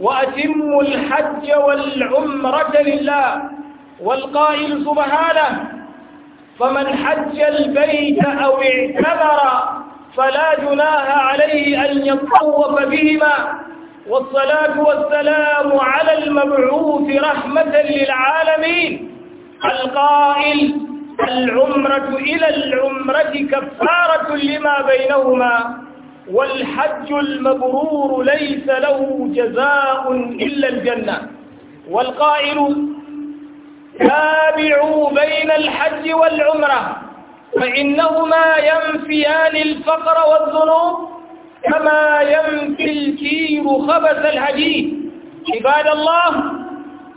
وأتموا الحج والعمرة لله والقائل سبحانه فمن حج البيت أو اعتمر فلا جناه عليه أن يطوف بهما والصلاة والسلام على المبعوث رحمة للعالمين القائل العمرة إلى العمرة كفارة لما بينهما والحج المبرور ليس له جزاء إلا الجنة والقائل تابعوا بين الحج والعمرة فإنهما ينفيان الفقر والذنوب كما ينفي الكير خبث الحديد عباد الله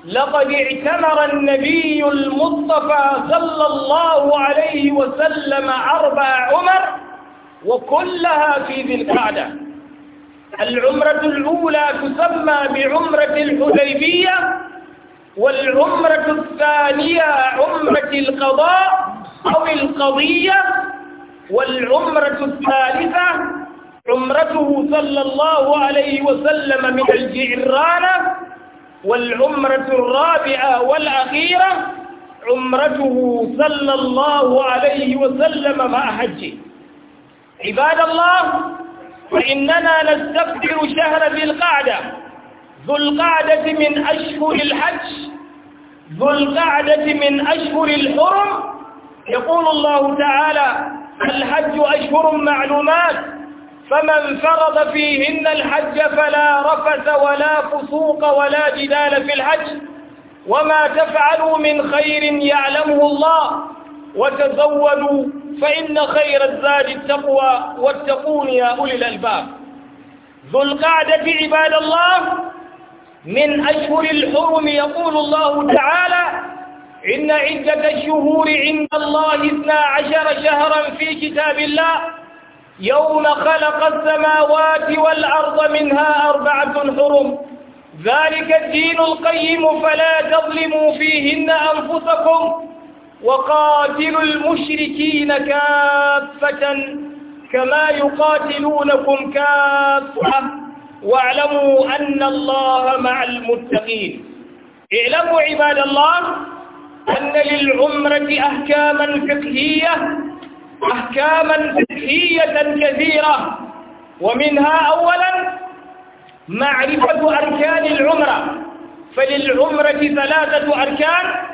لقد اعتمر النبي المصطفى صلى الله عليه وسلم أربع عمر وكلها في ذي القعدة العمرة الأولى تسمى بعمرة الحديبية والعمرة الثانية عمرة القضاء أو القضية والعمرة الثالثة عمرته صلى الله عليه وسلم من الجعرانة والعمرة الرابعة والأخيرة عمرته صلى الله عليه وسلم مع حجه عباد الله فإننا نستقدر شهر ذي القعدة ذو القعدة من أشهر الحج ذو القعدة من أشهر الحرم يقول الله تعالى الحج أشهر معلومات فمن فرض فيهن الحج فلا رفث ولا فسوق ولا جدال في الحج وما تفعلوا من خير يعلمه الله وتزودوا فإن خير الزاد التقوى واتقون يا أولي الألباب ذو القعدة عباد الله من أشهر الحرم يقول الله تعالى إن عدة الشهور عند الله اثنا عشر شهرا في كتاب الله يوم خلق السماوات والأرض منها أربعة حرم ذلك الدين القيم فلا تظلموا فيهن أنفسكم وقاتلوا المشركين كافة كما يقاتلونكم كافة واعلموا أن الله مع المتقين اعلموا عباد الله أن للعمرة أحكاما فقهية أحكاما فقهية كثيرة ومنها أولا معرفة أركان العمرة فللعمرة ثلاثة أركان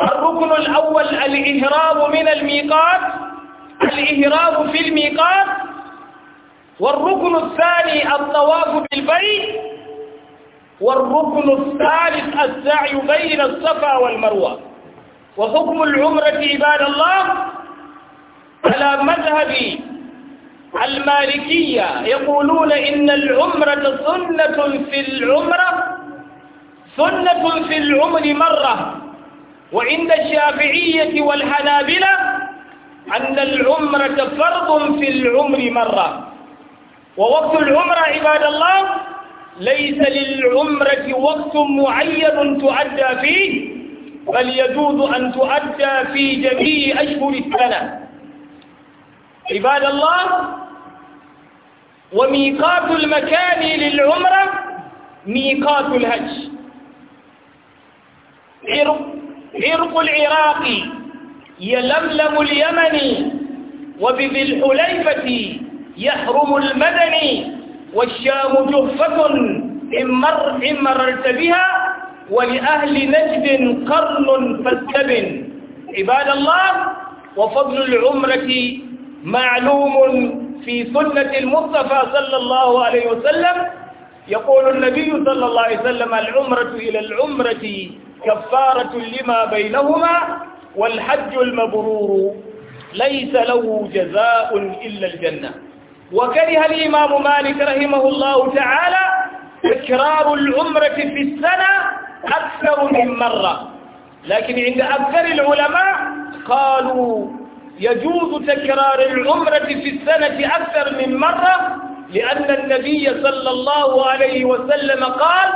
الركن الأول الإهراب من الميقات الإهراب في الميقات والركن الثاني الطواف بالبيت والركن الثالث السعي بين الصفا والمروة وحكم العمرة عباد الله على مذهب المالكية يقولون إن العمرة سنة في العمرة سنة في العمر مرة وعند الشافعية والحنابلة أن العمرة فرض في العمر مرة ووقت العمرة عباد الله ليس للعمرة وقت معين تؤدى فيه بل يجوز أن تؤدى في جميع أشهر السنة عباد الله وميقات المكان للعمرة ميقات الهج عرق العراقي يلملم اليمني وبذي الحليفة يحرم المدني والشام جهفة إن, مر إن مررت بها ولأهل نجد قرن فاستبن عباد الله وفضل العمرة معلوم في سنة المصطفى صلى الله عليه وسلم يقول النبي صلى الله عليه وسلم العمرة إلى العمرة كفارة لما بينهما والحج المبرور ليس له جزاء إلا الجنة وكره الإمام مالك رحمه الله تعالى تكرار العمرة في السنة أكثر من مرة لكن عند أكثر العلماء قالوا يجوز تكرار العمرة في السنة أكثر من مرة لأن النبي صلى الله عليه وسلم قال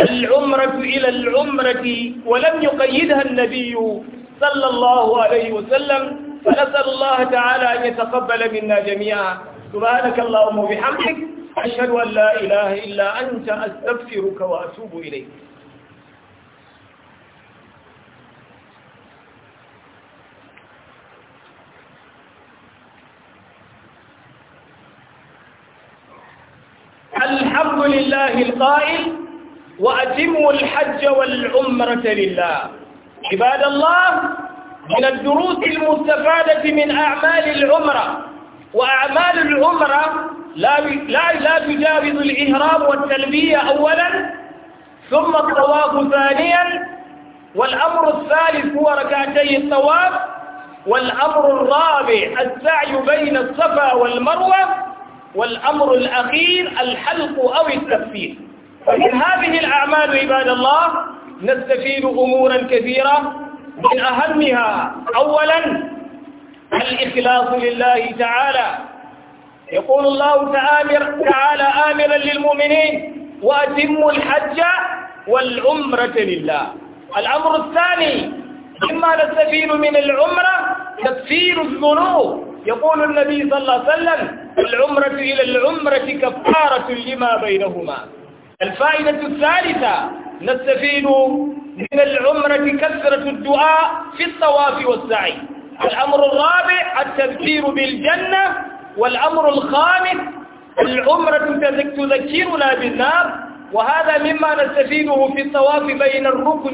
العمرة إلى العمرة ولم يقيدها النبي صلى الله عليه وسلم فنسأل الله تعالى أن يتقبل منا جميعا سبحانك اللهم وبحمدك أشهد أن لا إله إلا أنت أستغفرك وأتوب إليك الحمد لله القائل وأتموا الحج والعمرة لله عباد الله من الدروس المستفادة من أعمال العمرة وأعمال العمرة لا لا لا تجاوز الإهرام والتلبية أولا ثم الطواف ثانيا والأمر الثالث هو ركعتي الطواف والأمر الرابع السعي بين الصفا والمروة والأمر الأخير الحلق أو التفسير فمن هذه الأعمال عباد الله نستفيد أمورا كثيرة من أهمها أولا الإخلاص لله تعالى يقول الله تعالى آمرا للمؤمنين وأتموا الحج والعمرة لله الأمر الثاني مما نستفيد من العمرة تكفير الذنوب يقول النبي صلى الله عليه وسلم العمرة إلى العمرة كفارة لما بينهما الفائدة الثالثة نستفيد من العمرة كثرة الدعاء في الطواف والسعي الأمر الرابع التذكير بالجنة والأمر الخامس العمرة تذكرنا بالنار وهذا مما نستفيده في الطواف بين الركن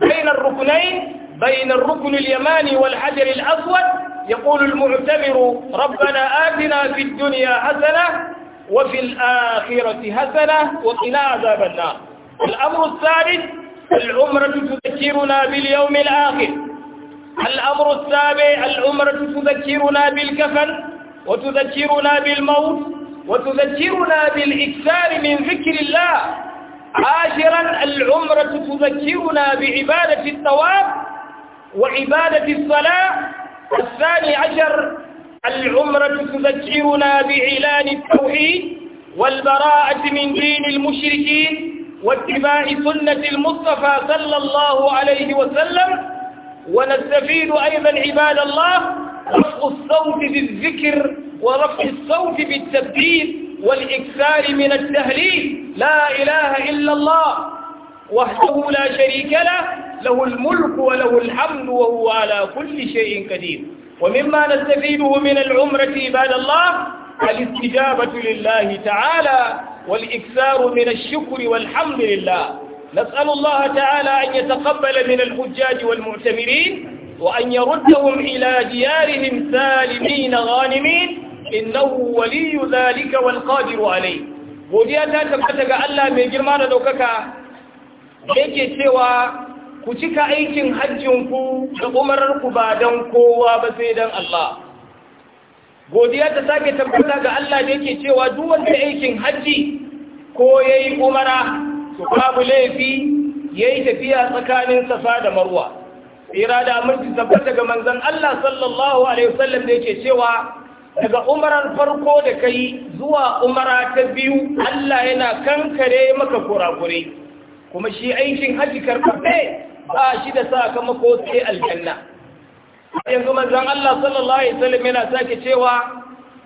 بين الركنين بين الركن اليماني والحجر الأسود يقول المعتمر ربنا آتنا في الدنيا حسنة وفي الآخرة حسنة وقنا عذاب النار الأمر الثالث العمرة تذكرنا باليوم الآخر الأمر السابع العمرة تذكرنا بالكفن وتذكرنا بالموت وتذكرنا بالإكثار من ذكر الله عاشرا العمرة تذكرنا بعبادة الثواب وعبادة الصلاة الثاني عشر العمرة تذكرنا بإعلان التوحيد والبراءة من دين المشركين واتباع سنة المصطفى صلى الله عليه وسلم ونستفيد أيضا عباد الله رفع الصوت بالذكر ورفع الصوت بالتبديل والإكثار من التهليل لا إله إلا الله وحده لا شريك له له الملك وله الحمد وهو على كل شيء قدير ومما نستفيده من العمرة عباد الله الاستجابة لله تعالى والإكثار من الشكر والحمد لله نسأل الله تعالى أن يتقبل من الحجاج والمعتمرين وأن يردهم إلى ديارهم سالمين غانمين إنه ولي ذلك والقادر عليه وديا ta tabbata ga من mai girma da daukaka ku cika aikin hajjinku da umararku ba don kowa ba sai don Allah godiya ta sake tabbata ga Allah da yake cewa duk wanda aikin hajji ko ya yi umara su babu laifi ya yi tafiya tsakanin safa da marwa tsira da aminci tabbata ga manzan Allah sallallahu alaihi wasallam da yake cewa daga umarar farko da kai zuwa umara ta biyu Allah yana kankare maka kurakure kuma shi aikin hajji karfafe ba shi da sakamako sai aljanna yanzu manzon Allah sallallahu alaihi wasallam yana sake cewa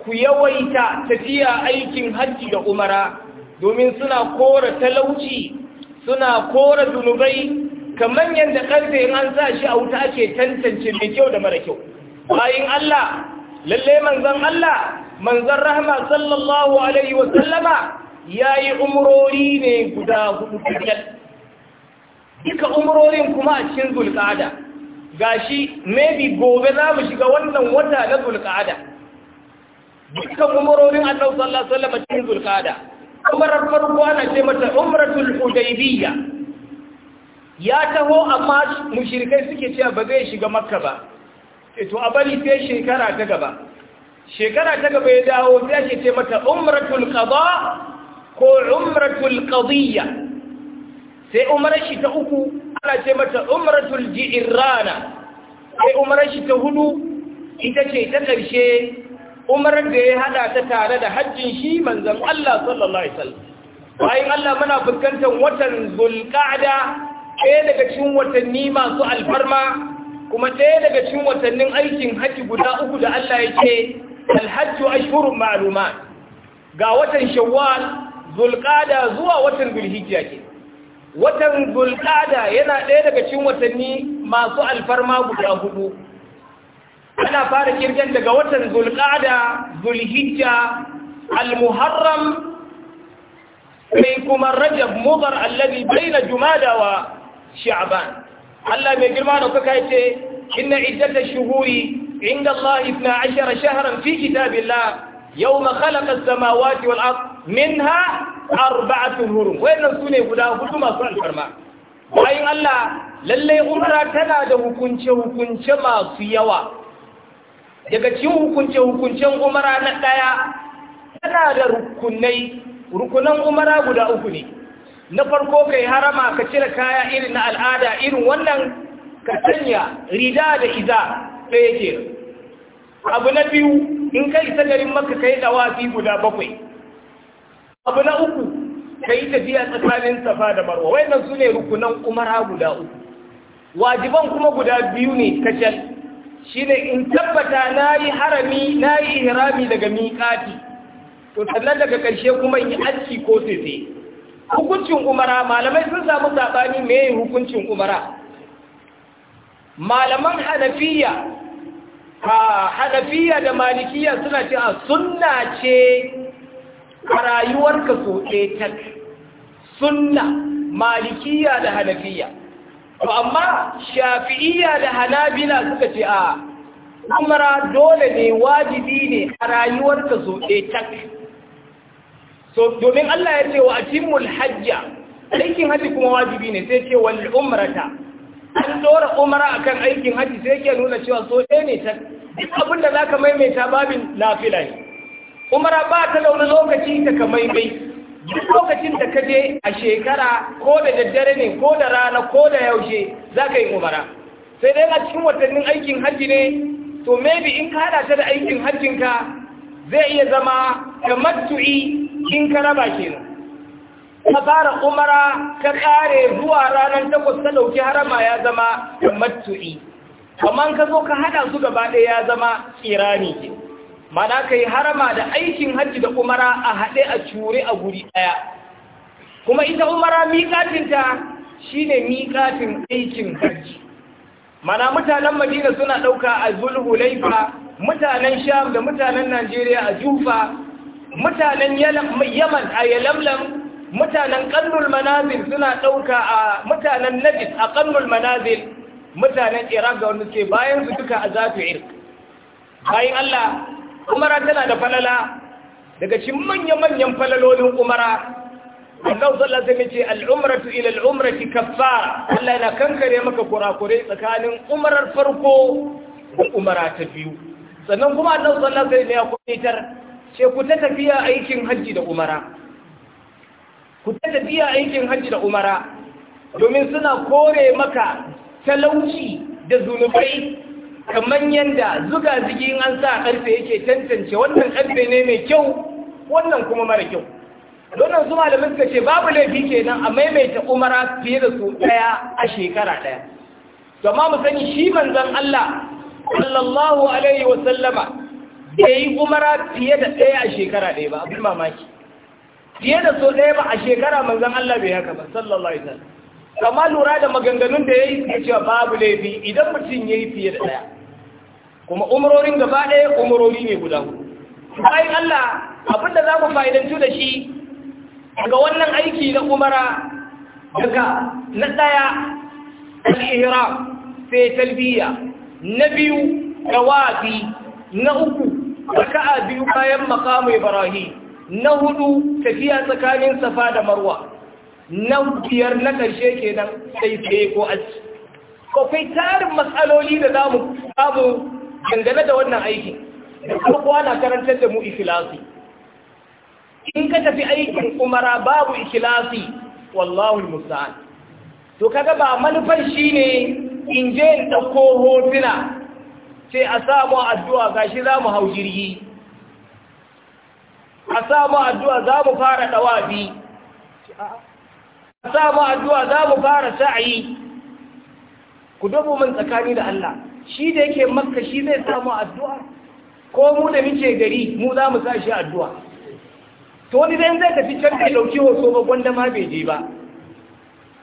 ku yawaita tafiya aikin hajji da umara domin suna kora talauci suna kora zunubai kamar yadda karfe in an sa shi a wuta ake tantance mai kyau da mara kyau bayin Allah lalle manzon Allah manzon rahma sallallahu alaihi wasallama yayi umrori ne guda hudu kenan duka umarorin kuma a cikin Ga gashi maybe gobe za mu shiga wannan wata na zulqa'ada Duka umarorin Allah sallallahu alaihi wasallam cikin zulqa'ada umrar farko ana ce mata umratul hudaybiyya ya taho amma mushrikai suke cewa ba zai shiga makka ba eh, to a bari sai shekara ta gaba shekara ta gaba ya dawo sai ake ce mata umratul qada ko umratul qadiyya sai umarar shi ta uku ana ce mata umaratul rana. sai umarar shi ta hudu ita ce ta ƙarshe umarar da ya hada ta tare da hajjin shi manzan Allah sallallahu Alaihi wasallam bayan Allah muna fuskantar watan zulƙada ɗaya daga cikin watanni masu alfarma kuma ɗaya daga cikin watannin aikin haji guda uku da Allah ya ce alhajju ashhurun ma'lumat ga watan shawwal zulƙada zuwa watan zulhijja ke watan bulƙada yana ɗaya daga cikin watanni masu alfarma guda hudu ana fara kirgan daga watan zulƙada zulhijja almuharram mai kuma rajab mudar allazi baina jumada wa sha'ban Allah mai girma da kuka yace inna iddata shuhuri inda Allah ashara shahran fi kitabillah yau khalaqa as-samawati wal min ha? arba'atun hurum wayannan sune guda hudu masu alfarma bayan Allah lallai umra tana da hukunce hukunce masu yawa daga cikin hukunce hukuncen umra na daya tana da rukunai rukunan umara guda uku ne na farko kai harama ka cire kaya irin na al'ada irin wannan ka sanya rida da iza ɗaya ke abu na biyu in kai isa garin maka ka yi guda bakwai abu na uku ka yi tafiya tsakanin safa da marwa Wannan su ne rukunan umara guda uku wajiban kuma guda biyu ne kacal shi ne in tabbata na yi harami na yi hirami daga miƙati to sannan daga ƙarshe kuma yi aski ko sese hukuncin umara malamai sun samu saɓani me hukuncin umara malaman hanafiya a hanafiya da malikiya suna ce a sunna ce a rayuwarka so tak sunna malikiya da hanafiya to amma shafi'iya da hanabila suka ce a umara dole ne wajibi ne a rayuwarka so tak so domin Allah ya ce wa atimul hajja aikin haji kuma wajibi ne sai ce wal umrata an dora umara akan aikin haji sai ke nuna cewa so ne tak duk abinda zaka maimaita babin lafila ne umara ba ta da lokaci ta kamai mai duk lokacin da ka je a shekara ko da daddare ne ko da rana ko da yaushe za ka yi umara sai dai a cikin watannin aikin hajji ne to maybe in ka hada ta da aikin hajjinka zai iya zama tamattu'i in ka raba kenan ka fara umara ka kare zuwa ranar takwas ta dauki harama ya zama tamattu'i amma ka zo ka hada su gaba ɗaya ya zama tsirani ke mana ka yi harama da aikin hajji da umara a haɗe a cure a guri ɗaya kuma ita umara miƙatinta shi ne miƙatin aikin hajji mana mutanen madina suna ɗauka a zulhulaifa mutanen sham da mutanen najeriya a jufa mutanen yaman a yalamlam mutanen ƙannul manazil suna ɗauka a mutanen najis a ƙannul manazil mutanen iraq da wanda ke bayan su duka a zafi irk bayan allah umara tana da falala daga cikin manya-manyan falalolin umara Allah zalla zai mace al'umratu ila al'umrati kaffara Allah yana kankare maka kurakure tsakanin umarar farko da umara ta biyu sannan kuma Allah zai ne ya kuɗitar ce ku ta tafiya aikin hajji da umara ku ta tafiya aikin hajji da umara domin suna kore maka talauci da zunubai kamar yadda zuga zigi an sa karfe yake tantance wannan karfe ne mai kyau wannan kuma mara kyau donan su malamin suka ce babu laifi kenan a maimaita umara fiye da su daya a shekara daya to amma mu sani shi manzon Allah sallallahu alaihi wa sallama bai umara fiye da daya a shekara daya ba abin mamaki fiye da so daya ba a shekara manzon Allah bai haka ba sallallahu alaihi wa sallam kama lura da maganganun da ya yi cewa babu laifi idan mutum ya yi fiye da daya kuma umarorin gaba ɗaya umarori ne guda hudu bayan Allah abinda za ku fa'idantu da shi daga wannan aiki na umara daga na ɗaya al'ihira sai talbiya na biyu wafi na uku raka'a biyu bayan makamu ibrahim na hudu tafiya tsakanin safa da marwa na biyar na ƙarshe kenan sai sai ko aji ko tarin matsaloli da za mu dangane da wannan aiki da farko na karantar da mu ikilasi. in ka tafi aikin umara babu ikilasi? wallahu almusta'an to kaga ba manufar shine in je in dauko hotuna sai a samu addu'a gashi za mu hau jirgi a samu addu'a za mu fara dawabi a samu addu'a za mu fara sa'ayi ku dubo mun tsakani da Allah shi da yake makka shi zai samu addu'a ko mu da muke gari mu za mu sa shi addu'a to wani zai zai tafi can da dauki hoto ba gwanda ma bai je ba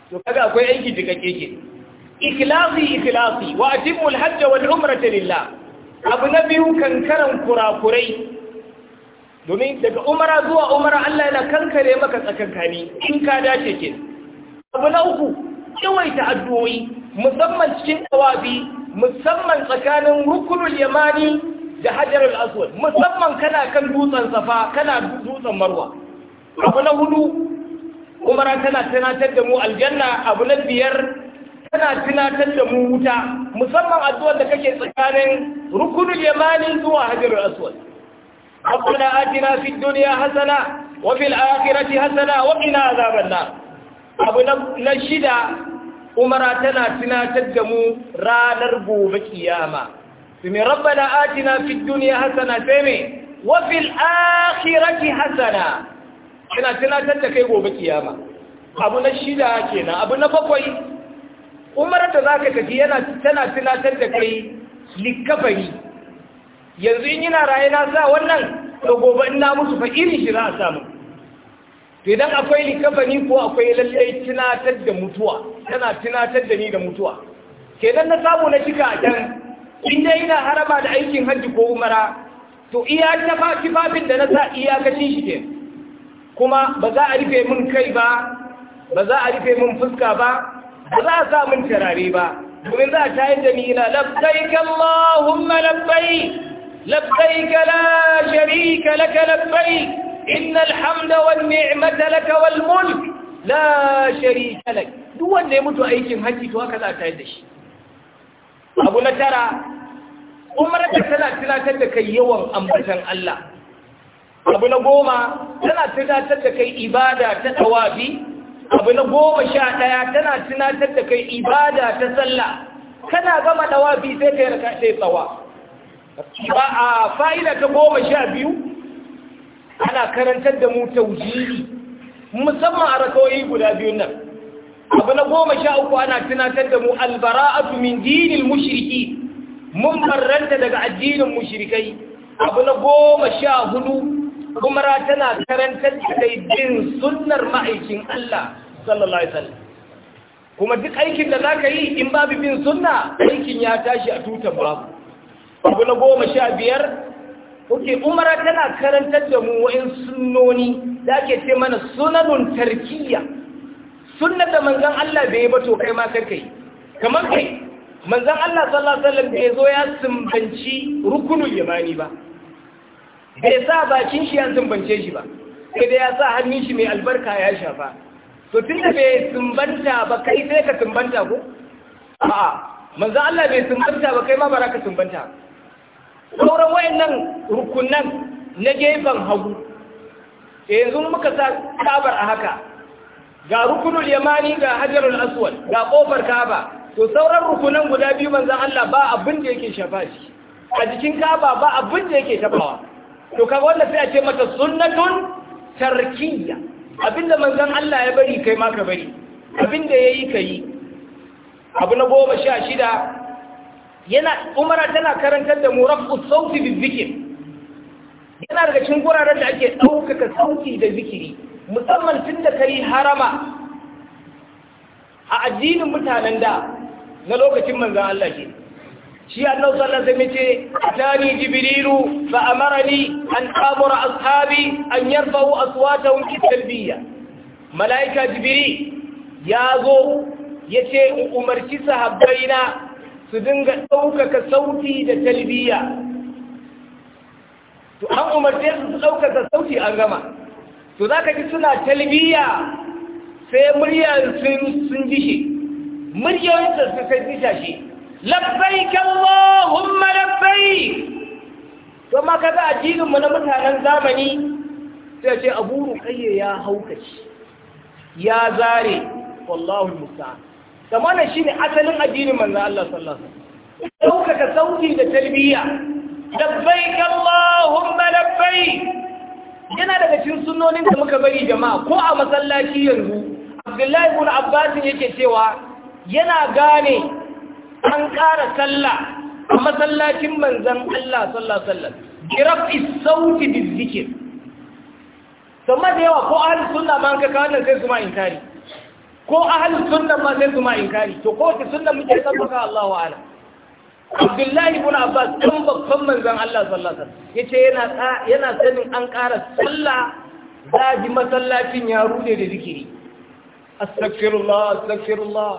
to kaga akwai aiki jika keke ikhlasi ikhlasi wa atimmu al-hajj wal umrata lillah abu na biyu kankaran kurakurai domin daga umara zuwa umara Allah yana kankare maka tsakankani in ka dace ke abu na uku yawaita addu'o'i musamman cikin tawabi musamman tsakanin rukunul yamani da hajarul aswad musamman kana kan dutsen safa kana dutsen marwa abu na hudu umara tana tunatar da mu aljanna abu na biyar tana tunatar da mu wuta musamman addu'ar da kake tsakanin rukunul yamani zuwa hajarul aswad ربنا آتنا في الدنيا حسنة وفي الآخرة حسنة وقنا عذاب النار أبو نشدة umara tana tunatar da mu ranar gobe kiyama sumi rabbana atina fid dunya hasana sai me wa fil akhirati hasana tana tunatar da kai gobe kiyama abu na shida kenan abu na bakwai umara da zaka tafi yana tana tunatar da kai likafari yanzu in yana raye na sa wannan to gobe ina musu fa irin shi za a samu to idan akwai likabani ko akwai lallai tunatar da mutuwa tana tunatar da ni da mutuwa kenan na samu na cika a can in dai ina harama da aikin hajji ko umara to iya ta kifafin da na sa iya shi ke kuma ba za a rufe min kai ba ba za a rufe min fuska ba ba za a sa min tarare ba domin za a tayar da ni ina labbaik Allahumma labbaik labbaik la sharika laka labbaik إن الحمد والنعمة لك والملك لا شريك لك duk wanda ya mutu aikin haji to haka za ta yi da shi abu na tara umarta tana tunatar da kai yawan ambatan Allah abu na goma tana tunatar da kai ibada ta tawafi abu na goma sha ɗaya tana tunatar da kai ibada ta sallah kana gama tawafi sai kai raka sai tsawa ba a fa'ida ta goma sha biyu ana karantar da mu tauhidi musamman a rakawoyi guda biyun nan abu na goma sha uku ana tunatar da mu albara'atu min dinil mushriki mun barranta daga addinin mushrikai abu na goma sha hudu umara tana karantar da kai bin sunnar ma'aikin Allah sallallahu alaihi wasallam kuma duk aikin da zaka yi in babu bin sunna aikin ya tashi a tutar babu abu na goma sha biyar oke umara tana karantar da mu wa'in sunnoni da ake ce mana sunanun tarkiya Sunan da manzan Allah bai ba to kai ma kai kamar kai manzan Allah sallallahu alaihi wasallam bai zo ya sumbanci rukunul yamani ba bai sa bakin shi ya sumbance shi ba sai da ya sa hannun shi mai albarka ya shafa to tunda bai sumbanta ba kai sai ka sumbanta ko a'a manzan Allah bai sumbanta ba kai ma ba za ka sumbanta sauran wayannan rukunan na gefen hagu eh, yanzu muka sa kabar a haka ga rukunul yamani ga hajarul aswad ga kofar kaba to sauran rukunan guda biyu manzon Allah ba abin da yake shafa shi a jikin kaba ba abin da yake tabawa to kaga wannan sai a ce mata sunnatun tarkiyya abinda manzon Allah ya bari kai ma ka bari abinda yayi kai abu na goma sha shida yana umara tana karantar da mu rafu sauti bi zikir yana daga cikin guraren da ake ɗaukaka sauti da zikiri musamman tun da kai harama a addinin mutanen da na lokacin manzan Allah ke shi Allah sallallahu alaihi wasallam ce tani jibrilu fa amarani an amura ashabi an yarfa'u aswatahum fi talbiya malaika jibril ya zo yace umarci sahabbaina su dinga ɗaukaka sauti da talbiya to an umarce su su ɗaukaka sauti an gama to za ka ji suna talbiya sai muryar sun dishe muryar da su sai disha shi labbai kallahumma labbai to ma ka a jirinmu na mutanen zamani sai ce abu ruqayya ya haukaci ya zare wallahu Musa. da mana shi ne asalin addinin manzan Allah sallallahu ɗaukaka sauti da talbiya labbai da bai. yana daga cikin sunonin da muka bari jama'a ko a masallaci yanzu Abdullahi ibn Abbas yake cewa yana gane an ƙara sallah a masallacin manzan Allah sallallahu alaihi sauti da yawa ko ahli sunna an ka kawo ko ahalin sunna ma sai su ma inkari to ko ki sunna muke sabbaka Allahu ala Abdullahi ibn Abbas dan babban manzon Allah sallallahu alaihi wasallam yace yana yana sanin an ƙara sallah ji masallacin ya rude da zikiri astaghfirullah astaghfirullah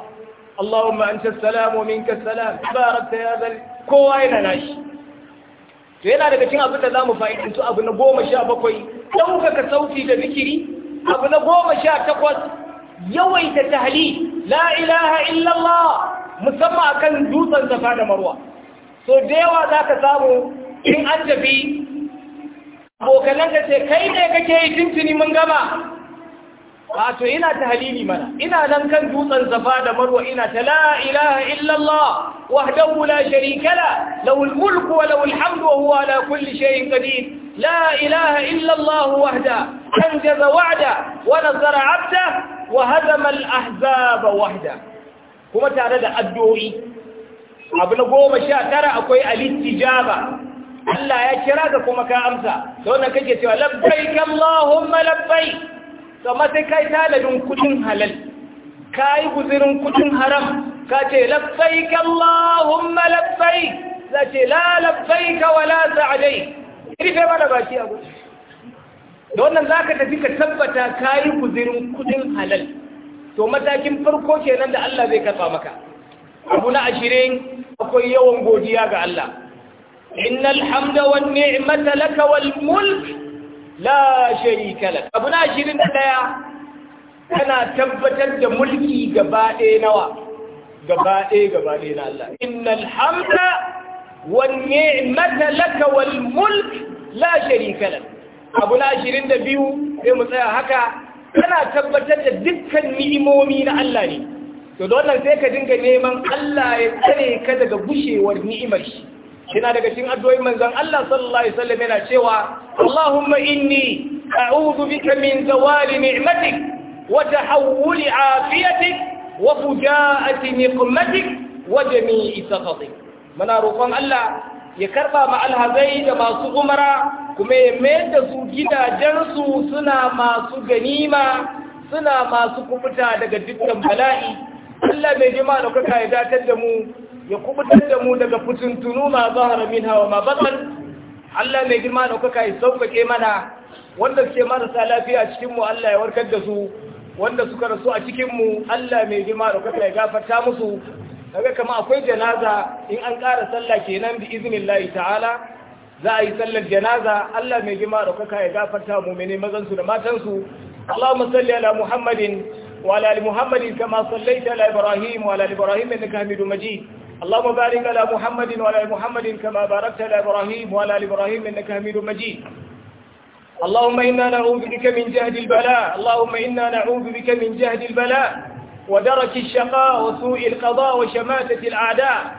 اللهم أنت السلام ومنك السلام بارك يا ذا kowa yana nashi. to yana daga cikin abin da za mu fa'idantu abu na goma sha bakwai ɗaukaka sauti da zikiri abu na goma sha takwas yawaita tahli la ilaha illallah musamman akan dutsen safa da marwa so da yawa zaka samu in an tafi abokanan ka ce kai ne kake yi tuntuni mun gama wato to ina tahlili mana ina nan kan dutsen safa da marwa ina ta la ilaha illallah wahdahu la sharika la lahul mulku wa lahul hamdu wa huwa ala kulli shay'in qadir la ilaha إلا الله وحده أنجز وعده ونصر عبده wa hazama ahzaba wahda kuma tare da addu'o'i abu goma sha tara akwai al-istijaba Allah ya kira ka kuma ka amsa da wannan kake cewa labbaik Allahumma labbaik to sai kai taladin kudin halal kai guzirin kudin haram ka ce da wannan za ka tafi ka tabbata ka yi kuzirin kudin halal to matakin farko kenan da Allah zai karɓa maka abu na ashirin akwai yawan godiya ga Allah Inna hamda wan ni'mata laka wal mulk la sharika lak abu na ashirin na daya kana tabbatar da mulki gaba ɗaya nawa gaba ɗaya gaba ɗaya na Allah Inna hamda wan ni'mata laka wal mulk la sharika lak abu na ashirin da biyu sai mu tsaya haka tana tabbatar da dukkan ni'imomi na Allah ne to da wannan sai ka dinga neman Allah ya tsare ka daga gushewar ni'imar shi yana daga cikin addu'o'in manzon Allah sallallahu alaihi wasallam yana cewa Allahumma inni a'udhu bika min zawali ni'matik wa tahawuli 'afiyatik wa fujaa'ati niqmatik wa jami'i sakhatik muna roƙon Allah ya karɓa ma alhazai da masu umara kuma ya mayar da su gidajensu suna masu ganima suna masu kubuta daga dukkan bala'i Allah mai jima da kuka ya datar da mu ya kubutar da mu daga fitintunu ma zahara min hawa ma batal Allah mai girma da kuka ya sauƙaƙe mana wanda suke marasa lafiya a cikinmu Allah ya warkar da su wanda suka rasu a cikinmu Allah mai girma da kuka ya gafarta musu kaga kama akwai janaza in an ƙara sallah kenan bi iznillahi ta'ala za a yi sallar janaza Allah mai gima da ya gafarta mu'mini mazan da matansu. Allahumma salli ala Muhammadin wa ala ali Muhammadin kama sallaita ala Ibrahim wa ala ali Ibrahim innaka Hamidum Majid اللهم بارك على محمد وعلى محمد كما باركت على إبراهيم وعلى إبراهيم إنك حميد مجيد اللهم إنا نعوذ بك من جهد البلاء اللهم إنا نعوذ بك من جهد البلاء ودرك الشقاء وسوء القضاء وشماتة الأعداء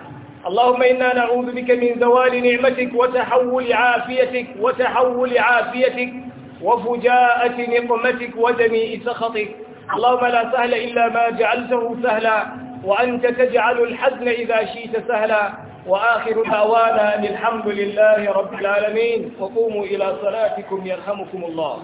اللهم إنا نعوذ بك من زوال نعمتك وتحول عافيتك وتحول عافيتك وفجاءة نقمتك ودميء سخطك اللهم لا سهل إلا ما جعلته سهلا وأنت تجعل الحزن إذا شئت سهلا وآخر دعوانا أن الحمد لله رب العالمين وقوموا إلى صلاتكم يرحمكم الله